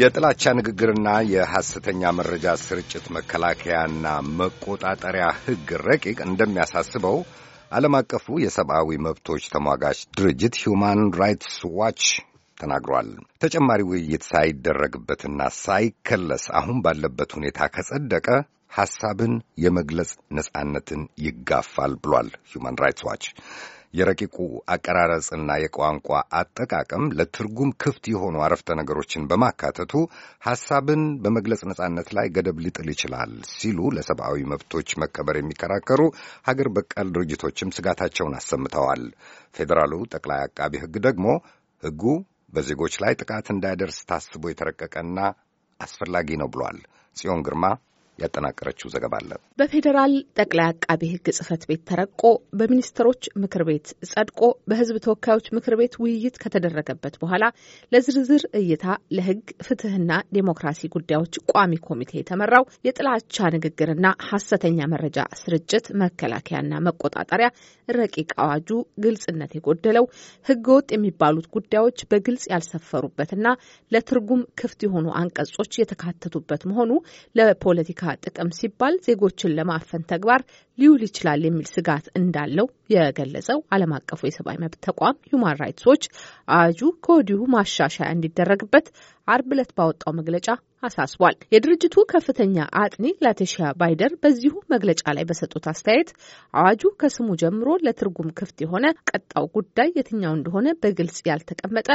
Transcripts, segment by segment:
የጥላቻ ንግግርና የሐሰተኛ መረጃ ስርጭት መከላከያና መቆጣጠሪያ ሕግ ረቂቅ እንደሚያሳስበው ዓለም አቀፉ የሰብአዊ መብቶች ተሟጋች ድርጅት ሁማን ራይትስ ዋች ተናግሯል። ተጨማሪ ውይይት ሳይደረግበትና ሳይከለስ አሁን ባለበት ሁኔታ ከጸደቀ ሐሳብን የመግለጽ ነጻነትን ይጋፋል ብሏል ሁማን ራይትስ ዋች። የረቂቁ አቀራረጽና የቋንቋ አጠቃቀም ለትርጉም ክፍት የሆኑ አረፍተ ነገሮችን በማካተቱ ሐሳብን በመግለጽ ነጻነት ላይ ገደብ ሊጥል ይችላል ሲሉ ለሰብአዊ መብቶች መከበር የሚከራከሩ ሀገር በቀል ድርጅቶችም ስጋታቸውን አሰምተዋል። ፌዴራሉ ጠቅላይ አቃቢ ሕግ ደግሞ ሕጉ በዜጎች ላይ ጥቃት እንዳይደርስ ታስቦ የተረቀቀና አስፈላጊ ነው ብሏል። ጽዮን ግርማ ያጠናቀረችው ዘገባ አለ። በፌዴራል ጠቅላይ አቃቤ ሕግ ጽህፈት ቤት ተረቆ በሚኒስትሮች ምክር ቤት ጸድቆ በህዝብ ተወካዮች ምክር ቤት ውይይት ከተደረገበት በኋላ ለዝርዝር እይታ ለህግ ፍትህና ዴሞክራሲ ጉዳዮች ቋሚ ኮሚቴ የተመራው የጥላቻ ንግግርና ሀሰተኛ መረጃ ስርጭት መከላከያና መቆጣጠሪያ ረቂቅ አዋጁ ግልጽነት የጎደለው ህገወጥ የሚባሉት ጉዳዮች በግልጽ ያልሰፈሩበትና ለትርጉም ክፍት የሆኑ አንቀጾች የተካተቱበት መሆኑ ለፖለቲካ ጥቅም ሲባል ዜጎችን ለማፈን ተግባር ሊውል ይችላል የሚል ስጋት እንዳለው የገለጸው ዓለም አቀፉ የሰብአዊ መብት ተቋም ሁማን ራይትስ ዎች አዋጁ ከወዲሁ ማሻሻያ እንዲደረግበት አርብ ዕለት ባወጣው መግለጫ አሳስቧል። የድርጅቱ ከፍተኛ አጥኒ ላቴሺያ ባይደር በዚሁ መግለጫ ላይ በሰጡት አስተያየት አዋጁ ከስሙ ጀምሮ ለትርጉም ክፍት የሆነ ቀጣው ጉዳይ የትኛው እንደሆነ በግልጽ ያልተቀመጠ፣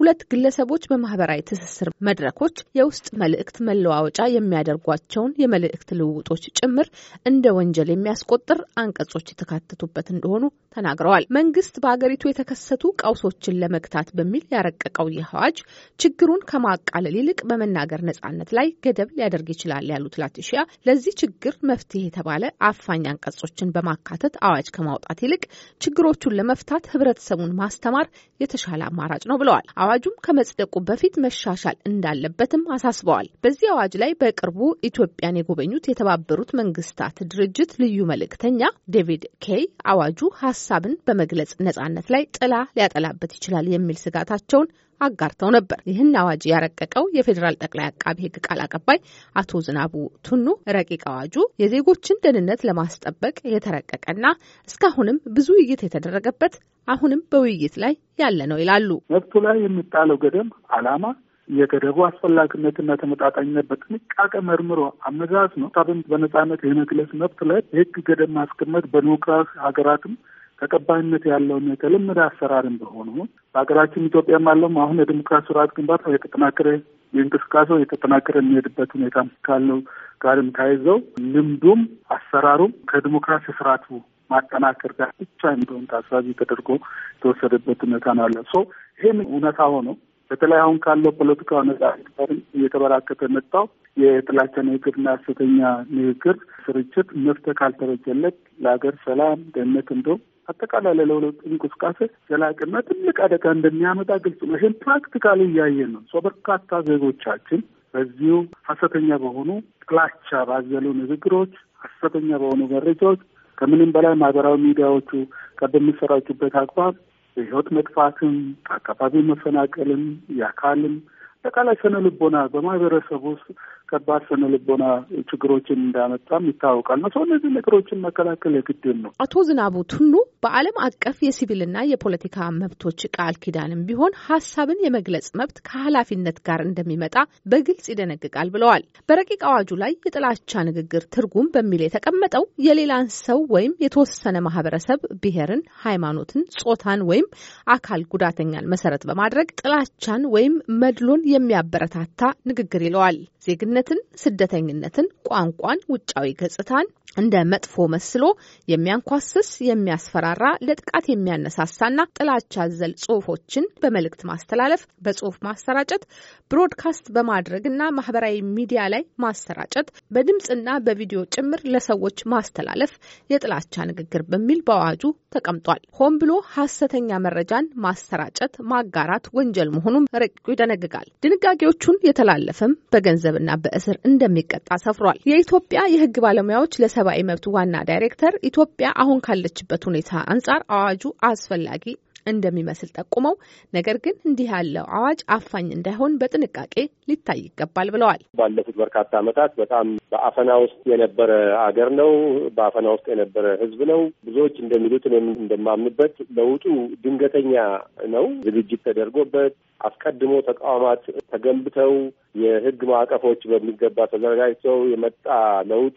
ሁለት ግለሰቦች በማህበራዊ ትስስር መድረኮች የውስጥ መልእክት መለዋወጫ የሚያደርጓቸውን የመልእክት ልውውጦች ጭምር እንደ ወንጀል የሚያስ የሚያስቆጥር አንቀጾች የተካተቱበት እንደሆኑ ተናግረዋል። መንግስት በሀገሪቱ የተከሰቱ ቀውሶችን ለመግታት በሚል ያረቀቀው ይህ አዋጅ ችግሩን ከማቃለል ይልቅ በመናገር ነጻነት ላይ ገደብ ሊያደርግ ይችላል ያሉት ላቲሺያ ለዚህ ችግር መፍትሄ የተባለ አፋኝ አንቀጾችን በማካተት አዋጅ ከማውጣት ይልቅ ችግሮቹን ለመፍታት ህብረተሰቡን ማስተማር የተሻለ አማራጭ ነው ብለዋል። አዋጁም ከመጽደቁ በፊት መሻሻል እንዳለበትም አሳስበዋል። በዚህ አዋጅ ላይ በቅርቡ ኢትዮጵያን የጎበኙት የተባበሩት መንግስታት ድርጅት ልዩ መልእክተኛ ዴቪድ ኬይ አዋጁ ሀሳብን በመግለጽ ነጻነት ላይ ጥላ ሊያጠላበት ይችላል የሚል ስጋታቸውን አጋርተው ነበር። ይህን አዋጅ ያረቀቀው የፌዴራል ጠቅላይ አቃቢ ሕግ ቃል አቀባይ አቶ ዝናቡ ቱኑ ረቂቅ አዋጁ የዜጎችን ደህንነት ለማስጠበቅ የተረቀቀና እስካሁንም ብዙ ውይይት የተደረገበት አሁንም በውይይት ላይ ያለ ነው ይላሉ። መብቱ ላይ የሚጣለው ገደብ አላማ የገደቡ አስፈላጊነትና ተመጣጣኝነት በጥንቃቄ መርምሮ አመዛዝ ነው ሀሳብን በነጻነት የመግለጽ መብት ላይ የህግ ገደብ ማስቀመጥ በዲሞክራሲ ሀገራትም ተቀባይነት ያለውን የተለመደ አሰራር በሆኑ በሀገራችን ኢትዮጵያ ማለም አሁን የዲሞክራሲ ስርዓት ግንባታ የተጠናከረ የእንቅስቃሴው የተጠናከረ የሚሄድበት ሁኔታ ካለው ጋርም ታይዘው ልምዱም አሰራሩም ከዲሞክራሲ ስርዓቱ ማጠናከር ጋር ብቻ እንደሆን ታሳቢ ተደርጎ የተወሰደበት ሁኔታ ነው ያለ ሰው ይህም እውነታ ሆነው በተለይ አሁን ካለው ፖለቲካው ነጻነት እየተበራከተ መጣው የጥላቻ ንግግርና ሐሰተኛ ንግግር ስርጭት መፍትሄ ካልተበጀለት ለሀገር ሰላም፣ ደህንነት እንዲሁም አጠቃላይ ለለውጥ እንቅስቃሴ ዘላቅና ትልቅ አደጋ እንደሚያመጣ ግልጽ ነው። ይህን ፕራክቲካል እያየን ነው። ሰው በርካታ ዜጎቻችን በዚሁ ሐሰተኛ በሆኑ ጥላቻ ባዘሉ ንግግሮች፣ ሐሰተኛ በሆኑ መረጃዎች ከምንም በላይ ማህበራዊ ሚዲያዎቹ በሚሰራጩበት አግባብ የህይወት መጥፋትም፣ አካባቢ መፈናቀልም፣ የአካልም አጠቃላይ ስነ ልቦና በማህበረሰብ ውስጥ ከባድ ስነ ልቦና ችግሮችን እንዳመጣም ይታወቃል ነው። ሰው እነዚህ ነገሮችን መከላከል የግድን ነው። አቶ ዝናቡ ቱኑ በዓለም አቀፍ የሲቪልና የፖለቲካ መብቶች ቃል ኪዳንም ቢሆን ሀሳብን የመግለጽ መብት ከኃላፊነት ጋር እንደሚመጣ በግልጽ ይደነግጋል ብለዋል። በረቂቅ አዋጁ ላይ የጥላቻ ንግግር ትርጉም በሚል የተቀመጠው የሌላን ሰው ወይም የተወሰነ ማህበረሰብ ብሔርን፣ ሃይማኖትን፣ ጾታን ወይም አካል ጉዳተኛን መሰረት በማድረግ ጥላቻን ወይም መድሎን የሚያበረታታ ንግግር ይለዋል ዜግነት ድህነትን፣ ስደተኝነትን፣ ቋንቋን፣ ውጫዊ ገጽታን እንደ መጥፎ መስሎ የሚያንኳስስ የሚያስፈራራ፣ ለጥቃት የሚያነሳሳና ጥላቻ አዘል ጽሁፎችን በመልእክት ማስተላለፍ፣ በጽሁፍ ማሰራጨት፣ ብሮድካስት በማድረግና ማህበራዊ ሚዲያ ላይ ማሰራጨት፣ በድምፅና በቪዲዮ ጭምር ለሰዎች ማስተላለፍ የጥላቻ ንግግር በሚል በአዋጁ ተቀምጧል። ሆን ብሎ ሀሰተኛ መረጃን ማሰራጨት፣ ማጋራት ወንጀል መሆኑን ረቂቁ ይደነግጋል። ድንጋጌዎቹን የተላለፈም በገንዘብና በእስር እንደሚቀጣ ሰፍሯል። የኢትዮጵያ የህግ ባለሙያዎች ለሰብአዊ መብት ዋና ዳይሬክተር ኢትዮጵያ አሁን ካለችበት ሁኔታ አንጻር አዋጁ አስፈላጊ እንደሚመስል ጠቁመው ነገር ግን እንዲህ ያለው አዋጅ አፋኝ እንዳይሆን በጥንቃቄ ሊታይ ይገባል ብለዋል። ባለፉት በርካታ ዓመታት በጣም በአፈና ውስጥ የነበረ አገር ነው። በአፈና ውስጥ የነበረ ህዝብ ነው። ብዙዎች እንደሚሉት እኔም እንደማምንበት ለውጡ ድንገተኛ ነው። ዝግጅት ተደርጎበት አስቀድሞ ተቋማት ተገንብተው የህግ ማዕቀፎች በሚገባ ተዘጋጅተው የመጣ ለውጥ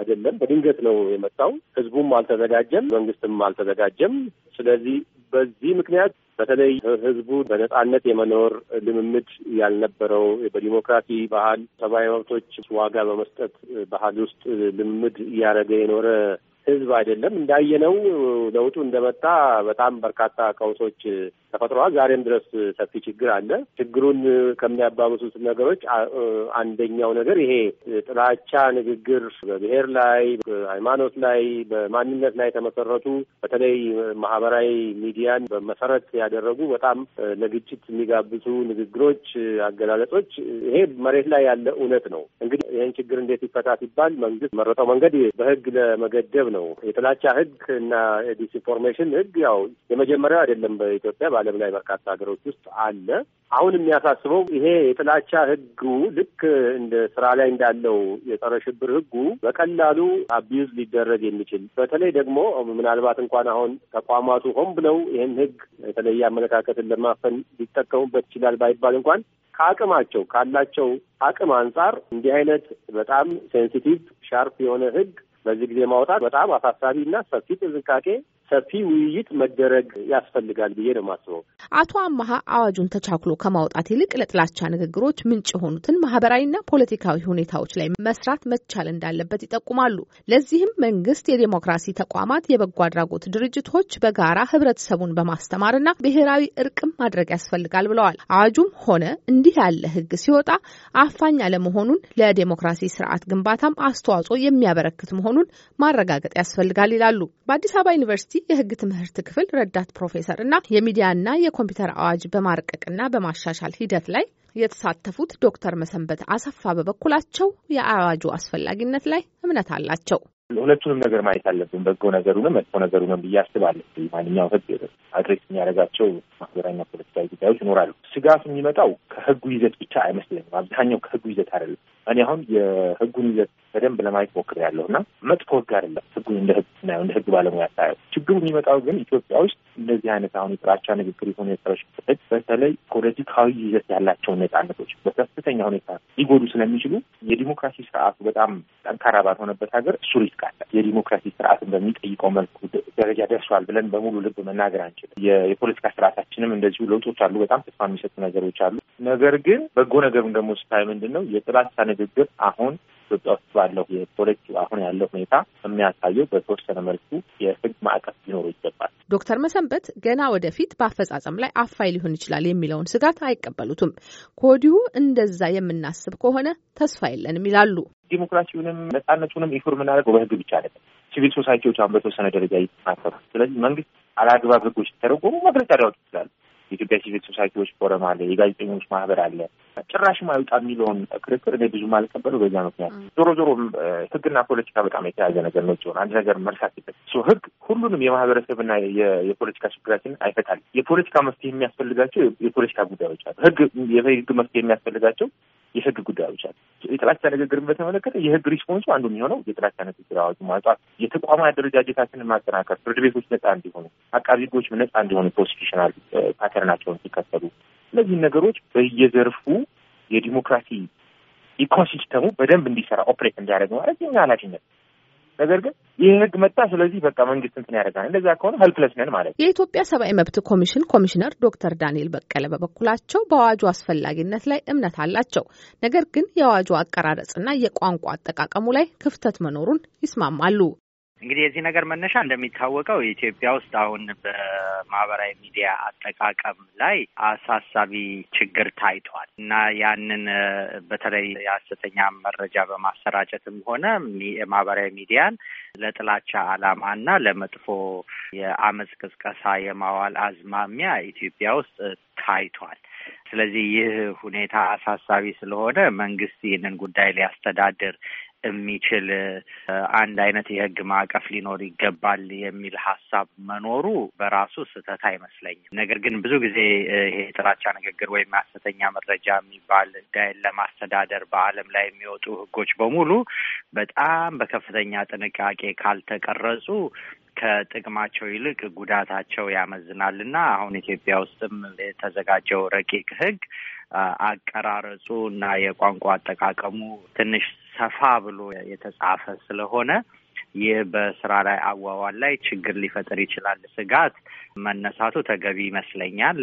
አይደለም። በድንገት ነው የመጣው። ህዝቡም አልተዘጋጀም፣ መንግስትም አልተዘጋጀም። ስለዚህ በዚህ ምክንያት በተለይ ህዝቡ በነጻነት የመኖር ልምምድ ያልነበረው በዲሞክራሲ ባህል ሰብአዊ መብቶች ዋጋ በመስጠት ባህል ውስጥ ልምምድ እያደረገ የኖረ ህዝብ አይደለም። እንዳየነው ለውጡ እንደመጣ በጣም በርካታ ቀውሶች ተፈጥረዋል። ዛሬም ድረስ ሰፊ ችግር አለ። ችግሩን ከሚያባብሱት ነገሮች አንደኛው ነገር ይሄ ጥላቻ ንግግር በብሔር ላይ፣ ሃይማኖት ላይ፣ በማንነት ላይ የተመሰረቱ በተለይ ማህበራዊ ሚዲያን በመሰረት ያደረጉ በጣም ለግጭት የሚጋብዙ ንግግሮች፣ አገላለጾች ይሄ መሬት ላይ ያለ እውነት ነው። እንግዲህ ይህን ችግር እንዴት ይፈታ ሲባል መንግስት መረጠው መንገድ በህግ ለመገደብ ነው። የጥላቻ ህግ እና ዲስኢንፎርሜሽን ህግ ያው የመጀመሪያው አይደለም። በኢትዮጵያ በዓለም ላይ በርካታ ሀገሮች ውስጥ አለ። አሁን የሚያሳስበው ይሄ የጥላቻ ህጉ ልክ እንደ ስራ ላይ እንዳለው የጸረ ሽብር ህጉ በቀላሉ አቢዩዝ ሊደረግ የሚችል በተለይ ደግሞ ምናልባት እንኳን አሁን ተቋማቱ ሆን ብለው ይህን ህግ የተለየ አመለካከትን ለማፈን ሊጠቀሙበት ይችላል ባይባል እንኳን ከአቅማቸው ካላቸው አቅም አንጻር እንዲህ አይነት በጣም ሴንሲቲቭ ሻርፕ የሆነ ህግ በዚህ ጊዜ ማውጣት በጣም አሳሳቢ እና ሰፊ ጥንቃቄ ሰፊ ውይይት መደረግ ያስፈልጋል ብዬ ነው የማስበው። አቶ አመሀ አዋጁን ተቻክሎ ከማውጣት ይልቅ ለጥላቻ ንግግሮች ምንጭ የሆኑትን ማህበራዊና ፖለቲካዊ ሁኔታዎች ላይ መስራት መቻል እንዳለበት ይጠቁማሉ። ለዚህም መንግስት፣ የዴሞክራሲ ተቋማት፣ የበጎ አድራጎት ድርጅቶች በጋራ ህብረተሰቡን በማስተማርና ብሔራዊ እርቅም ማድረግ ያስፈልጋል ብለዋል። አዋጁም ሆነ እንዲህ ያለ ህግ ሲወጣ አፋኝ አለመሆኑን ለዴሞክራሲ ስርዓት ግንባታም አስተዋጽኦ የሚያበረክት መሆኑን ማረጋገጥ ያስፈልጋል ይላሉ። በአዲስ አበባ ዩኒቨርሲቲ የህግ ትምህርት ክፍል ረዳት ፕሮፌሰር እና የሚዲያና የኮምፒውተር አዋጅ በማርቀቅና በማሻሻል ሂደት ላይ የተሳተፉት ዶክተር መሰንበት አሰፋ በበኩላቸው የአዋጁ አስፈላጊነት ላይ እምነት አላቸው። ሁለቱንም ነገር ማየት አለብን፣ በጎ ነገሩንም መጥፎ ነገሩንም ብዬ አስባለሁ። ማንኛውም ህግ አድሬስ የሚያደርጋቸው ማህበራዊና ፖለቲካዊ ጉዳዮች ይኖራሉ። ስጋት የሚመጣው ከህጉ ይዘት ብቻ አይመስለኝም። አብዛኛው ከህጉ ይዘት አይደለም እኔ አሁን የህጉን ይዘት በደንብ ለማየት ያለሁ እና መጥፎ ህግ አይደለም። ህጉን እንደ ህግ ስናየው እንደ ህግ ባለሙያ ሳየው ችግሩ የሚመጣው ግን ኢትዮጵያ ውስጥ እንደዚህ አይነት አሁን የጥላቻ ንግግር የሆኑ የጸረ ሽብር በተለይ ፖለቲካዊ ይዘት ያላቸውን ነጻነቶች በከፍተኛ ሁኔታ ሊጎዱ ስለሚችሉ የዲሞክራሲ ስርዓቱ በጣም ጠንካራ ባልሆነበት ሀገር እሱ ሪስክ አለ። የዲሞክራሲ ስርዓትን በሚጠይቀው መልኩ ደረጃ ደርሷል ብለን በሙሉ ልብ መናገር አንችልም። የፖለቲካ ስርዓታችንም እንደዚሁ ለውጦች አሉ። በጣም ተስፋ የሚሰጡ ነገሮች አሉ። ነገር ግን በጎ ነገሩን ደግሞ ስታይ ምንድን ነው የጥላቻ ንግግር አሁን ኢትዮጵያ ውስጥ ባለው የፖለቲ አሁን ያለው ሁኔታ የሚያሳየው በተወሰነ መልኩ የህግ ማዕቀፍ ሊኖሩ ይገባል። ዶክተር መሰንበት ገና ወደፊት በአፈጻጸም ላይ አፋይ ሊሆን ይችላል የሚለውን ስጋት አይቀበሉትም። ከወዲሁ እንደዛ የምናስብ ከሆነ ተስፋ የለንም ይላሉ። ዲሞክራሲውንም ነጻነቱንም ኢንፎርም የምናደርገው በህግ ብቻ አይደለም። ሲቪል ሶሳይቲዎች አሁን በተወሰነ ደረጃ ይተናከሩ። ስለዚህ መንግስት አላግባብ ህጎች ሲተረጎሙ መግለጫ ሊያወጡ ይችላሉ። የኢትዮጵያ ሲቪል ሶሳይቲዎች ፎረም አለ፣ የጋዜጠኞች ማህበር አለ። ጭራሽ አይውጣ የሚለውን ክርክር እኔ ብዙም አልቀበለው በዛ ምክንያት። ዞሮ ዞሮ ህግና ፖለቲካ በጣም የተያዘ ነገር ነው። ሲሆን አንድ ነገር መርሳት ይበት ህግ ሁሉንም የማህበረሰብና የፖለቲካ ችግራችን አይፈታል። የፖለቲካ መፍትሄ የሚያስፈልጋቸው የፖለቲካ ጉዳዮች አሉ። ህግ የህግ መፍትሄ የሚያስፈልጋቸው የህግ ጉዳዮች አሉ። የጥላቻ ንግግርን በተመለከተ የህግ ሪስፖንሱ አንዱ የሚሆነው የጥላቻ ንግግር አዋጁ ማውጣት፣ የተቋማዊ አደረጃጀታችንን ማጠናከር፣ ፍርድ ቤቶች ነጻ እንዲሆኑ፣ አቃቢ ህጎች ነጻ እንዲሆኑ ፕሮሲኪሽናል ፓተርናቸውን ሲከተሉ፣ እነዚህ ነገሮች በየዘርፉ የዲሞክራሲ ኢኮሲስተሙ በደንብ እንዲሰራ ኦፕሬት እንዲያደርግ ማለት የኛ ኃላፊነት ነገር ግን ይህ ህግ መጣ። ስለዚህ በቃ መንግስት እንትን ያደርጋል። እንደዚያ ከሆነ ሀልፕለስ ነን ማለት ነው። የኢትዮጵያ ሰብአዊ መብት ኮሚሽን ኮሚሽነር ዶክተር ዳንኤል በቀለ በበኩላቸው በአዋጁ አስፈላጊነት ላይ እምነት አላቸው። ነገር ግን የአዋጁ አቀራረጽና የቋንቋ አጠቃቀሙ ላይ ክፍተት መኖሩን ይስማማሉ። እንግዲህ የዚህ ነገር መነሻ እንደሚታወቀው ኢትዮጵያ ውስጥ አሁን በማህበራዊ ሚዲያ አጠቃቀም ላይ አሳሳቢ ችግር ታይቷል እና ያንን በተለይ የሀሰተኛ መረጃ በማሰራጨትም ሆነ ማህበራዊ ሚዲያን ለጥላቻ ዓላማ እና ለመጥፎ የአመፅ ቅስቀሳ የማዋል አዝማሚያ ኢትዮጵያ ውስጥ ታይቷል። ስለዚህ ይህ ሁኔታ አሳሳቢ ስለሆነ መንግስት ይህንን ጉዳይ ሊያስተዳድር የሚችል አንድ አይነት የህግ ማዕቀፍ ሊኖር ይገባል የሚል ሀሳብ መኖሩ በራሱ ስህተት አይመስለኝም። ነገር ግን ብዙ ጊዜ ይሄ የጥላቻ ንግግር ወይም ሐሰተኛ መረጃ የሚባል ጉዳይን ለማስተዳደር በዓለም ላይ የሚወጡ ህጎች በሙሉ በጣም በከፍተኛ ጥንቃቄ ካልተቀረጹ ከጥቅማቸው ይልቅ ጉዳታቸው ያመዝናል እና አሁን ኢትዮጵያ ውስጥም የተዘጋጀው ረቂቅ ህግ አቀራረጹ እና የቋንቋ አጠቃቀሙ ትንሽ ሰፋ ብሎ የተጻፈ ስለሆነ ይህ በስራ ላይ አዋዋል ላይ ችግር ሊፈጥር ይችላል ስጋት መነሳቱ ተገቢ ይመስለኛል።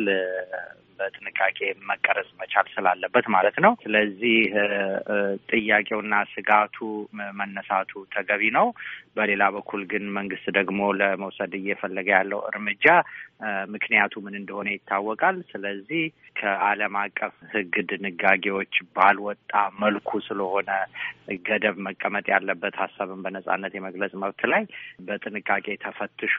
በጥንቃቄ መቀረጽ መቻል ስላለበት ማለት ነው። ስለዚህ ጥያቄውና ስጋቱ መነሳቱ ተገቢ ነው። በሌላ በኩል ግን መንግስት ደግሞ ለመውሰድ እየፈለገ ያለው እርምጃ ምክንያቱ ምን እንደሆነ ይታወቃል። ስለዚህ ከዓለም አቀፍ ሕግ ድንጋጌዎች ባልወጣ መልኩ ስለሆነ ገደብ መቀመጥ ያለበት ሀሳብን በነጻነት የመግለጽ መብት ላይ በጥንቃቄ ተፈትሾ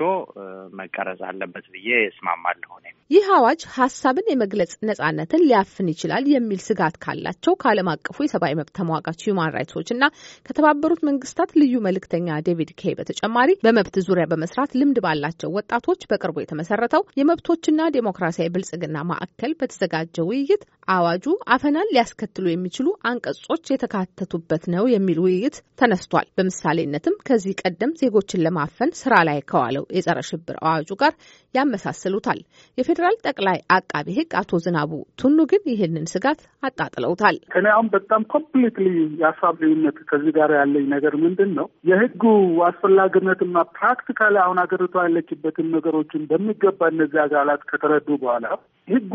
መቀረጽ አለበት ብዬ እስማማለሁ እኔም። ይህ አዋጅ ሀሳብን የመግለጽ ነጻነትን ሊያፍን ይችላል የሚል ስጋት ካላቸው ከዓለም አቀፉ የሰብአዊ መብት ተሟጋች ሂውማን ራይትሶች እና ከተባበሩት መንግስታት ልዩ መልእክተኛ ዴቪድ ኬ በተጨማሪ በመብት ዙሪያ በመስራት ልምድ ባላቸው ወጣቶች በቅርቡ የተመሰረተው የመብቶችና ዴሞክራሲያዊ ብልጽግና ማዕከል በተዘጋጀ ውይይት አዋጁ አፈናን ሊያስከትሉ የሚችሉ አንቀጾች የተካተቱበት ነው የሚል ውይይት ተነስቷል። በምሳሌነትም ከዚህ ቀደም ዜጎችን ለማፈን ስራ ላይ ከዋለው የጸረ ሽብር አዋጁ ጋር ያመሳስሉታል። የፌዴራል ጠቅላይ አቃቢ ሕግ አቶ ዝናቡ ቱኑ ግን ይህንን ስጋት አጣጥለውታል። እኔ አሁን በጣም ኮምፕሊትሊ የሀሳብ ልዩነት ከዚህ ጋር ያለኝ ነገር ምንድን ነው የህጉ አስፈላጊነትና ፕራክቲካሊ አሁን ሀገሪቷ ያለችበትን ነገሮችን በሚገባ እነዚህ አካላት ከተረዱ በኋላ ህጉ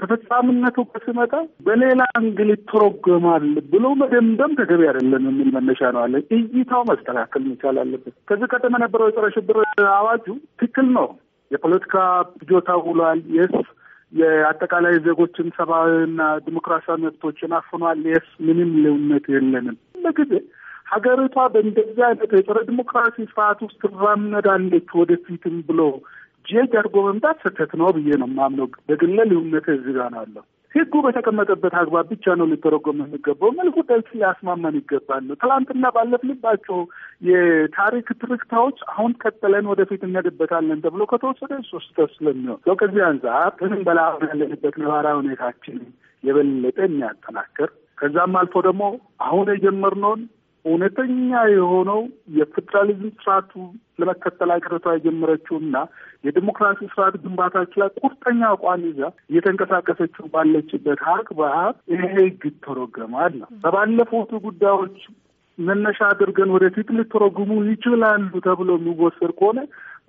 ተፈጻሚነቱ ከስመጣ በሌላ አንግል ይተረጎማል ብሎ መደምደም ተገቢ አይደለም የሚል መነሻ ነው አለ። እይታው መስተካከል መቻል አለበት። ከዚህ ቀደም የነበረው የጸረ ሽብር አዋጁ ትክክል ነው። የፖለቲካ ፍጆታ ውሏል። የስ የአጠቃላይ ዜጎችን ሰብአዊና ዲሞክራሲያዊ መብቶችን አፍኗል። የስ ምንም ልዩነት የለንም። ለጊዜ ሀገሪቷ በእንደዚህ አይነት የጸረ ዲሞክራሲ ስርዓት ውስጥ ትራመዳለች ወደፊትም ብሎ ጄክ አድርጎ መምጣት ስህተት ነው ብዬ ነው የማምነው። በግለ ልዩነት እዚህ ጋር ነው ያለው። ህጉ በተቀመጠበት አግባብ ብቻ ነው ሊተረጎም የሚገባው። መልኩ ደስ ሊያስማማን ይገባል ነው። ትላንትና ባለፍንባቸው የታሪክ ትርክታዎች አሁን ቀጥለን ወደፊት እንሄድበታለን ተብሎ ከተወሰደ ሶስት ስለሚሆን ሰው ከዚህ አንጻር ምንም በላ ያለንበት ነባራዊ ሁኔታችን የበለጠ የሚያጠናክር ከዛም አልፎ ደግሞ አሁን የጀመርነውን እውነተኛ የሆነው የፌዴራሊዝም ስርዓቱ ለመከተል አቅርቷ የጀመረችው እና የዲሞክራሲ ስርዓት ግንባታችን ላይ ቁርጠኛ አቋም ይዛ እየተንቀሳቀሰችው ባለችበት ሀቅ በሀቅ ይሄ ህግ ተረገማል ነው። በባለፉት ጉዳዮች መነሻ አድርገን ወደፊት ሊተረጉሙ ይችላሉ ተብሎ የሚወሰድ ከሆነ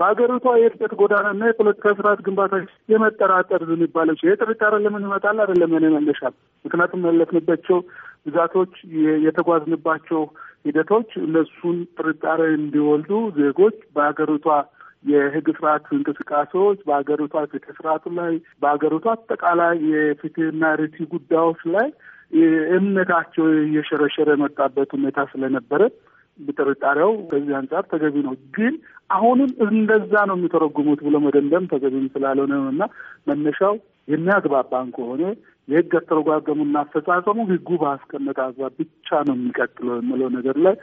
በሀገሪቷ የእድገት ጎዳና እና የፖለቲካ ስርዓት ግንባታ የመጠራጠር የሚባለው ይሄ ጥርጣሬ ለምን ይመጣል? አይደለም ኔ መለሻል ምክንያቱም ያለፍንባቸው ብዛቶች የተጓዝንባቸው ሂደቶች እነሱን ጥርጣሬ እንዲወልዱ ዜጎች በሀገሪቷ የህግ ስርዓት እንቅስቃሴዎች በሀገሪቷ ፍትህ ስርዓቱ ላይ በሀገሪቷ አጠቃላይ የፍትህና ርትዕ ጉዳዮች ላይ እምነታቸው እየሸረሸረ የመጣበት ሁኔታ ስለነበረ ብጥርጣሬው ከዚህ አንጻር ተገቢ ነው። ግን አሁንም እንደዛ ነው የሚተረጉሙት ብሎ መደምደም ተገቢም ስላልሆነ ነው እና መነሻው የሚያግባባን ከሆነ የህግ አተረጓገሙና አፈጻጸሙ ህጉ በአስቀመጠ አግባብ ብቻ ነው የሚቀጥለው የምለው ነገር ላይ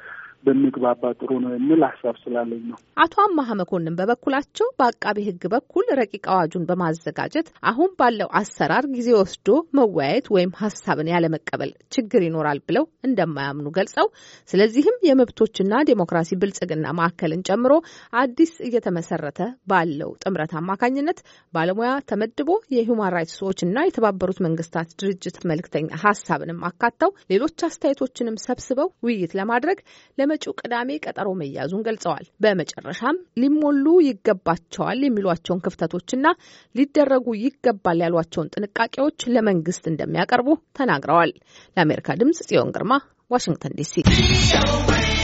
ብንግባባ ጥሩ ነው የሚል ሀሳብ ስላለኝ ነው። አቶ አማሀ መኮንን በበኩላቸው በአቃቢ ሕግ በኩል ረቂቅ አዋጁን በማዘጋጀት አሁን ባለው አሰራር ጊዜ ወስዶ መወያየት ወይም ሀሳብን ያለመቀበል ችግር ይኖራል ብለው እንደማያምኑ ገልጸው ስለዚህም የመብቶችና ዴሞክራሲ ብልጽግና ማዕከልን ጨምሮ አዲስ እየተመሰረተ ባለው ጥምረት አማካኝነት ባለሙያ ተመድቦ የሁማን ራይትስ ዎችና የተባበሩት መንግስታት ድርጅት መልእክተኛ ሀሳብንም አካተው ሌሎች አስተያየቶችንም ሰብስበው ውይይት ለማድረግ ለመ ለመጪው ቅዳሜ ቀጠሮ መያዙን ገልጸዋል። በመጨረሻም ሊሞሉ ይገባቸዋል የሚሏቸውን ክፍተቶችና ሊደረጉ ይገባል ያሏቸውን ጥንቃቄዎች ለመንግስት እንደሚያቀርቡ ተናግረዋል። ለአሜሪካ ድምጽ ጽዮን ግርማ ዋሽንግተን ዲሲ